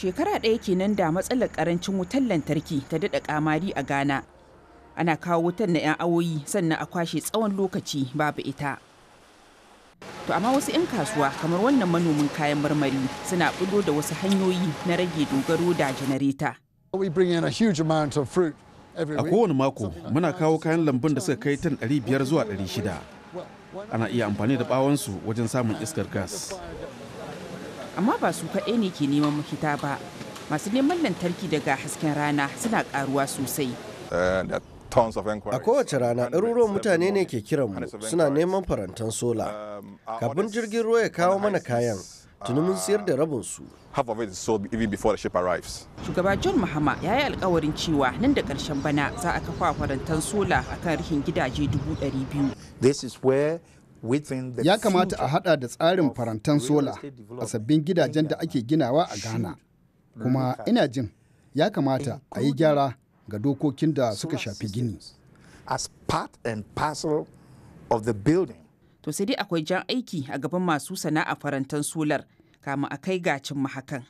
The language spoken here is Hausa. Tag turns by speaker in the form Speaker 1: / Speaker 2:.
Speaker 1: shekara ɗaya kenan da matsalar karancin wutar lantarki ta daɗa kamari a ghana ana kawo wutar na 'yan awoyi sannan a kwashe tsawon lokaci babu ita to amma wasu 'yan kasuwa kamar wannan manomin kayan marmari suna budo da wasu hanyoyi na rage dogaro da janareta
Speaker 2: a kowane mako muna kawo kayan lambun da suka kai tan 500 zuwa 600 ana iya amfani da bawansu wajen samun iskar gas
Speaker 1: amma ba su kaɗai ne ke neman mafita ba masu neman lantarki daga hasken rana suna karuwa sosai
Speaker 2: eh,
Speaker 3: A kowace rana ɗaruruwan mutane ne ke kiranmu suna neman farantan sola. Um, Kafin jirgin ruwa ya kawo mana kayan, tuni mun siyar da ah, rabin su.
Speaker 1: Shugaba John Mahama ya yi alkawarin cewa nan da karshen bana za a kafa farantan sola akan rikin gidaje dubu ya kamata
Speaker 4: a hada da tsarin farantan sola a sabbin gidajen da ake ginawa a ghana kuma ina jin ya kamata a yi gyara ga dokokin da suka shafi
Speaker 1: gini to sai dai akwai jan aiki a gaban masu sana'a farantan solar kama a kai gacin mahakan.